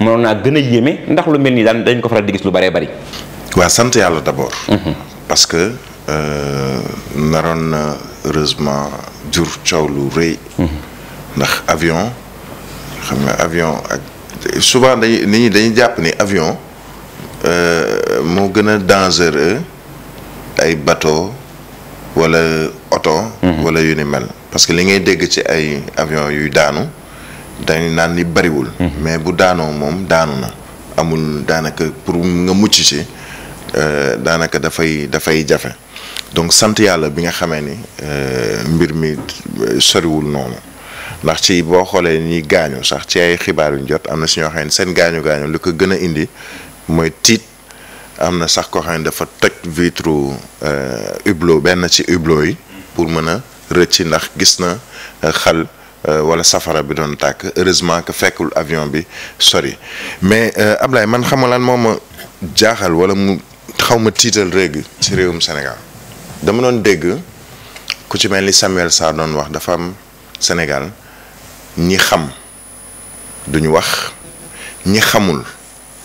mënoon naa gën a yéeme ndax lu mel nii daan dañ ko faral di gis lu bëree bari waaw sant yàlla d'abord. Mhm. parce que euh, naroon na heureusement jur coow lu rëy. Mhm. ndax avion xam nga avion ak souvent dañuy nit ñi dañuy jàpp ni avion euh, moo gën a dangereux ay bateau wala oto. Mhm. wala yu ni mel parce que li ngay dégg ci ay avion yuy daanu. dañu naan li bariwul. Mhm. mais bu daanoo moom daanu na. amul daanaka pour nga mucc ci euh, daanaka dafay dafay jafe donc sant yàlla bi nga xamee ni euh, mbir mi euh, soriwul noonu ndax ci boo xoolee ni gaañu sax ci ay xibaar yu ñu jot am na si ñoo xam ne seen gaañu gaañu lu ko gën a indi mooy tiit am na sax koo xam ne dafa toj vitre hublot benn ci hublot yi pour mën a rëcc ndax gis na xal. Euh, wala safara bi doon tàkk heureusement que fekkul avion bi sori mais euh, Ablaye man xam nga lan moo jaaxal wala mu xaw ma tiital rég ci réewum Sénégal dama doon dégg ku ci mel ni Samuel Sarr doon wax dafa am Sénégal ñi xam duñu wax ñi xamul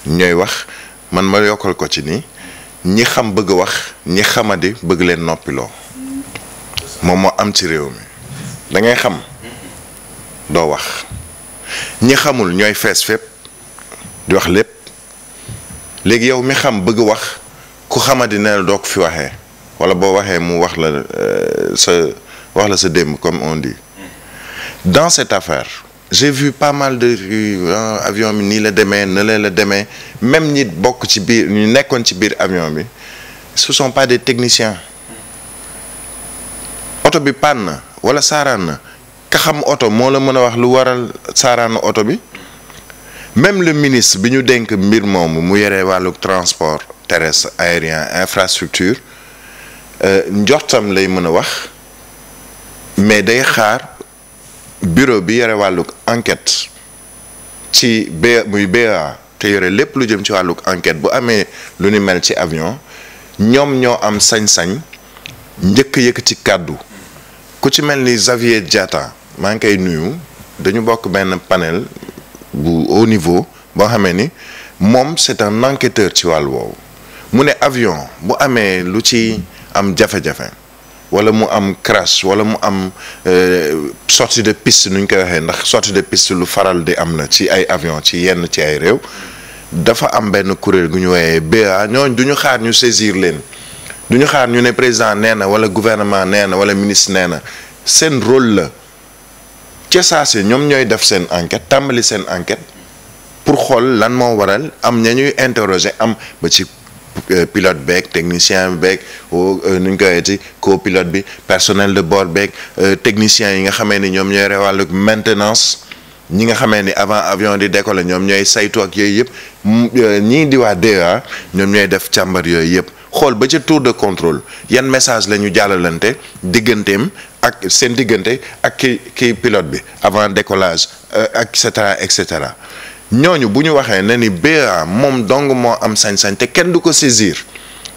ñooy wax man ma yokkal ko ci nii ñi xam bëgg a wax ñi xamadi bëgg leen noppiloo moom moo am ci réew mi da xam. doo wax ñi xamul ñooy fees fépp di wax lépp léegi yow mi xam bëgg wax ku xamadi ne la doo ko fi waxee wala boo waxee mu wax la euh, sa wax la sa démb comme on dit dans cette affaire j'ai vu pas mal de avion bi nii la demee na leen la demee même ñi bokk ci biir ñu nekkoon ci biir avion bi ce sont pas des techniciens oto bi panne na wala saaraan na ka xam oto moo la mën a wax lu waral saaraanu oto bi même le ministre bi ñu dénk mbir moomu mu yore wàllu transport terrestre aérien infrastructure euh, njortam lay mën a wax mais day xaar bureau bi yore wàllu enquête ci ba muy ba te yore lépp lu jëm ci wàllu enquête bu amee lu ni mel ci avion ñoom ñoo am sañ-sañ njëkk yëkk ci kàddu ku ci mel ni Xavier Diatta maa ngi koy nuyu dañu bokk benn panel bu haut niveau boo xamee ni moom c'est un enquêteur ci wàll woowu mu ne avion bu amee lu ci am jafe-jafe wala mu am crash wala mu am euh, sortie de piste nuñ koy waxee ndax sortie de piste lu faral di am na ci ay avion ci yenn ci ay réew dafa am benn kuréel gu ñu woowee BA ñoo duñu xaar ñu saisir leen du ñu xaar ñu ne président nee na wala gouvernement nee na wala ministre nee na seen rôle la ca saase ñoom ñooy def seen enquête tàmbali seen enquête pour xool lan moo waral am ña ñuy interroger am ba ci euh, pilote beeg technicien beeg euh, nu ñu koy waxee ci copilote bi personnel de bord beeg euh, technicien yi nga xamee ni ñoom ñooy rewàllu maintenance ñi nga xamee ni avant avion di décoller ñoom ñooy saytu yooyu yëpp mm, ñii di waa DEA ñoom ñooy def càmbar yooyu yëpp. xool ba ca tour de contrôle yan message la ñu jàllalante digganteem ak seen diggante ak ki kii pilote bi avant décollage et euh, cetera et cetera ñooñu bu ñu waxee ne ni BA moom dong moo am sañ-sañ te kenn du ko saisir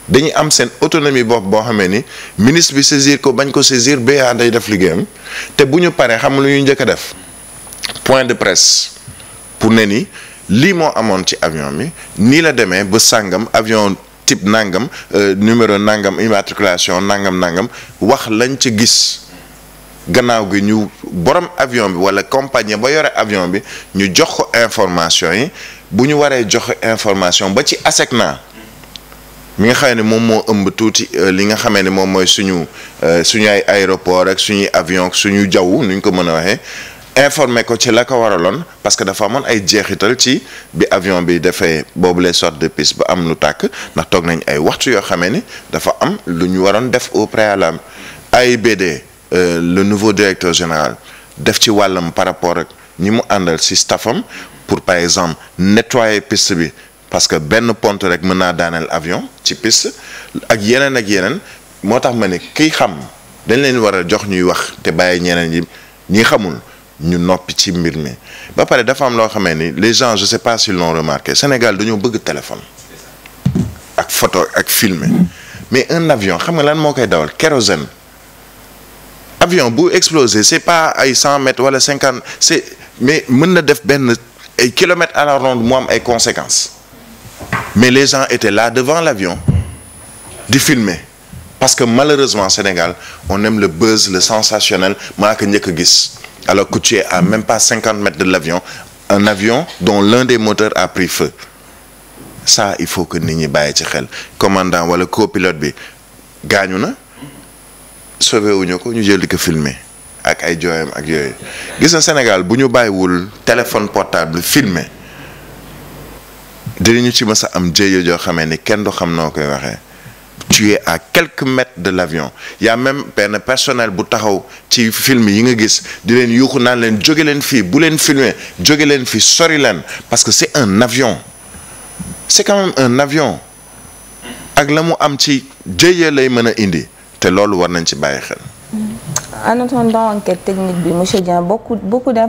dañuy am seen autonomie bopp boo xamee ni ministre bi saisir ko bañ ko saisir BA day def liggéeyam te bu ñu paree xam lu ñu njëkk a def point de presse pour ne ni lii moo amoon ci avion bi nii la demee ba sàngam avion type nangam euh, numéro nangam immatriculation nangam nangam wax lañ ca gis gannaaw gi ñu borom avion bi wala compagnie ba yore avion bi ñu jox ko information yi bu ñu waree jox information ba ci ASECNA mi nga xamee ne moom moo ëmb tuuti euh, li nga xamee ne moom mooy suñu euh, suñu ay aéroport ak suñuy avion ak suñu jaww nu ko mën a waxee. informé ko ci la ko waraloon parce que dafa amoon ay jeexital ci bi avion bi defee boobu les sortes de piste ba am lu tàkk ndax toog nañ ay waxtu yoo xamee ni dafa am lu ñu waroon def au préalable AIBD euh, le nouveau directeur général def ci wàllam par rapport ak ñi mu àndal ci staffam pour par exemple nettoyer piste bi parce que benn pont rek mën naa daaneel avion ci piste ak yeneen ak yeneen moo tax ma ne kiy xam dañ leen war a jox ñuy wax te bàyyi ñeneen ñi ñi xamul ñu noppi ci mbir mi ba pare dafa am loo xamee ni les gens je sais pas s'ils l'ont remarqué Sénégal dañoo bëgg téléphone ak photo ak filmer mais un avion xam nga lan moo koy dawal kérosène avion bu explosé c'est pas ay cent wala cinquante c'est mais mën na def benn ay kilomètres à la ronde mu am ay conséquences mais les gens étaient là devant l'avion di filmer parce que malheureusement Sénégal on aime le buzz le sensationnel maa ko njëkk a gis alors que tu es même pas 50 mètres de l'avion un avion dont l'un des moteurs a pris feu ça il faut que nit ñi bàyyi ci xel commandant wala copilote bi gaañu na sauvé wuñu ko ñu jël di ko filmer ak ay jooyam ak yooyu gis na Sénégal bu ñu bàyyiwul téléphone portable filmer dinañu ci mës a am jéeyo joo xamee ni kenn du xam noo koy waxee tu es à quelques de l'avion y a même benn personnel bu taxaw ci film yi nga gis di leen yuuxu naan leen jóge leen fii bu leen filmer jóge leen fii sori leen parce que c'est un avion c'est quand même un avion ak la mu am ci jéyee lay mën a indi te loolu war nañ ci bàyyi xel